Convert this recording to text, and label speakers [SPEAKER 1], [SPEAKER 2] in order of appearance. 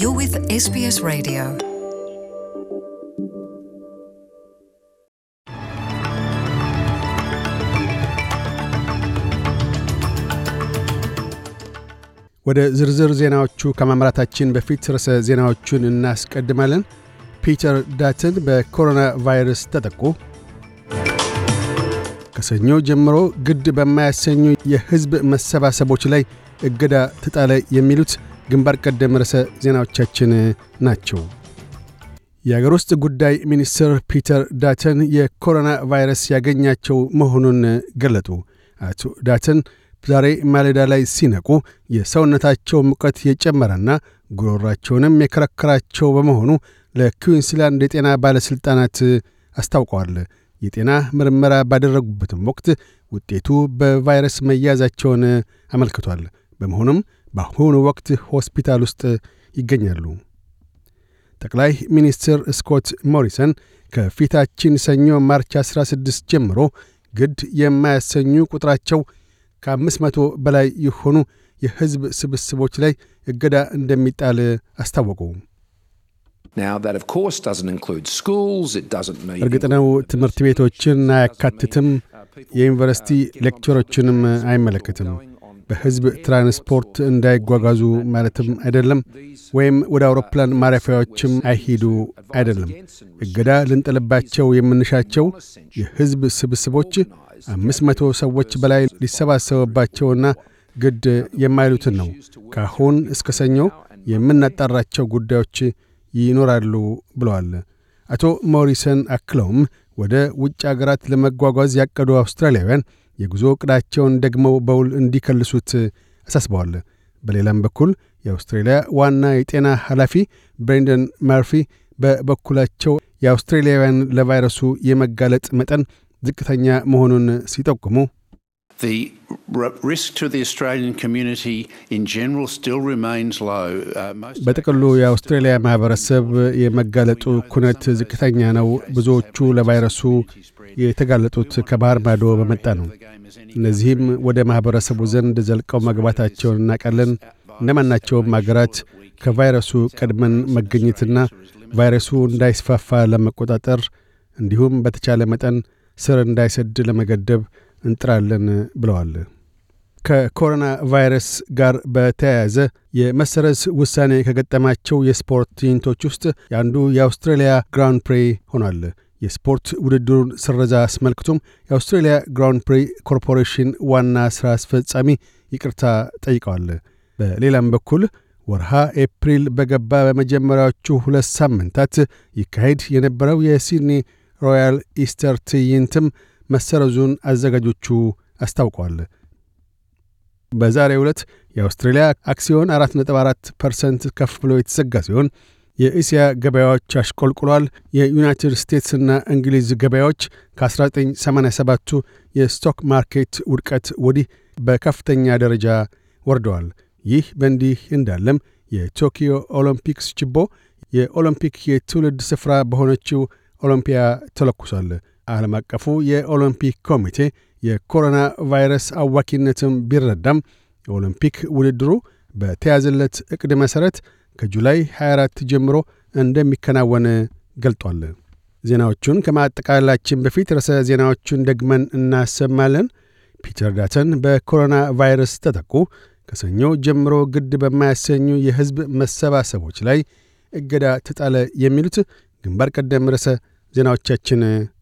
[SPEAKER 1] You're with SBS Radio. ወደ ዝርዝር ዜናዎቹ ከማምራታችን በፊት ርዕሰ ዜናዎቹን እናስቀድማለን። ፒተር ዳትን በኮሮና ቫይረስ ተጠቁ። ከሰኞ ጀምሮ ግድ በማያሰኙ የሕዝብ መሰባሰቦች ላይ እገዳ ተጣለ። የሚሉት ግንባር ቀደም ርዕሰ ዜናዎቻችን ናቸው። የአገር ውስጥ ጉዳይ ሚኒስትር ፒተር ዳተን የኮሮና ቫይረስ ያገኛቸው መሆኑን ገለጡ። አቶ ዳተን ዛሬ ማለዳ ላይ ሲነቁ የሰውነታቸው ሙቀት የጨመረና ጉሮራቸውንም የከረከራቸው በመሆኑ ለኩዊንስላንድ የጤና ባለሥልጣናት አስታውቀዋል። የጤና ምርመራ ባደረጉበትም ወቅት ውጤቱ በቫይረስ መያዛቸውን አመልክቷል። በመሆኑም በአሁኑ ወቅት ሆስፒታል ውስጥ ይገኛሉ። ጠቅላይ ሚኒስትር ስኮት ሞሪሰን ከፊታችን ሰኞ ማርች 16 ጀምሮ ግድ የማያሰኙ ቁጥራቸው ከ500 በላይ የሆኑ የሕዝብ ስብስቦች ላይ እገዳ እንደሚጣል አስታወቁ። እርግጥ ነው ትምህርት ቤቶችን አያካትትም፣ የዩኒቨርስቲ ሌክቸሮችንም አይመለከትም። በሕዝብ ትራንስፖርት እንዳይጓጓዙ ማለትም አይደለም፣ ወይም ወደ አውሮፕላን ማረፊያዎችም አይሂዱ አይደለም። እገዳ ልንጥልባቸው የምንሻቸው የሕዝብ ስብስቦች አምስት መቶ ሰዎች በላይ ሊሰባሰቡባቸውና ግድ የማይሉትን ነው። ካሁን እስከ ሰኞ የምናጣራቸው ጉዳዮች ይኖራሉ ብለዋል አቶ ሞሪሰን አክለውም ወደ ውጭ አገራት ለመጓጓዝ ያቀዱ አውስትራሊያውያን የጉዞ ዕቅዳቸውን ደግመው በውል እንዲከልሱት አሳስበዋል። በሌላም በኩል የአውስትሬልያ ዋና የጤና ኃላፊ ብሬንደን መርፊ በበኩላቸው የአውስትሬልያውያን ለቫይረሱ የመጋለጥ መጠን ዝቅተኛ መሆኑን ሲጠቁሙ the በጥቅሉ የአውስትሬልያ ማህበረሰብ የመጋለጡ ኩነት ዝቅተኛ ነው። ብዙዎቹ ለቫይረሱ የተጋለጡት ከባህር ማዶ በመጣ ነው። እነዚህም ወደ ማኅበረሰቡ ዘንድ ዘልቀው መግባታቸውን እናውቃለን። እንደማናቸውም አገራት ከቫይረሱ ቀድመን መገኘትና ቫይረሱ እንዳይስፋፋ ለመቆጣጠር እንዲሁም በተቻለ መጠን ስር እንዳይሰድ ለመገደብ እንጥራለን ብለዋል። ከኮሮና ቫይረስ ጋር በተያያዘ የመሰረዝ ውሳኔ ከገጠማቸው የስፖርት ትዕይንቶች ውስጥ የአንዱ የአውስትራሊያ ግራንድ ፕሪ ሆኗል። የስፖርት ውድድሩን ስረዛ አስመልክቶም የአውስትሬሊያ ግራንድ ፕሪ ኮርፖሬሽን ዋና ሥራ አስፈጻሚ ይቅርታ ጠይቀዋል። በሌላም በኩል ወርሃ ኤፕሪል በገባ በመጀመሪያዎቹ ሁለት ሳምንታት ይካሄድ የነበረው የሲድኒ ሮያል ኢስተር ትዕይንትም መሰረዙን አዘጋጆቹ አስታውቀዋል። በዛሬ ዕለት የአውስትሬልያ አክሲዮን 4.4 ፐርሰንት ከፍ ብሎ የተዘጋ ሲሆን የእስያ ገበያዎች አሽቆልቁሏል። የዩናይትድ ስቴትስና እንግሊዝ ገበያዎች ከ1987ቱ የስቶክ ማርኬት ውድቀት ወዲህ በከፍተኛ ደረጃ ወርደዋል። ይህ በእንዲህ እንዳለም የቶኪዮ ኦሎምፒክስ ችቦ የኦሎምፒክ የትውልድ ስፍራ በሆነችው ኦሎምፒያ ተለኩሷል። ዓለም አቀፉ የኦሎምፒክ ኮሚቴ የኮሮና ቫይረስ አዋኪነትም ቢረዳም የኦሎምፒክ ውድድሩ በተያዘለት ዕቅድ መሠረት ከጁላይ 24 ጀምሮ እንደሚከናወን ገልጧል። ዜናዎቹን ከማጠቃላላችን በፊት ርዕሰ ዜናዎቹን ደግመን እናሰማለን። ፒተር ዳተን በኮሮና ቫይረስ ተጠቁ፣ ከሰኞ ጀምሮ ግድ በማያሰኙ የሕዝብ መሰባሰቦች ላይ እገዳ ተጣለ፣ የሚሉት ግንባር ቀደም ርዕሰ ዜናዎቻችን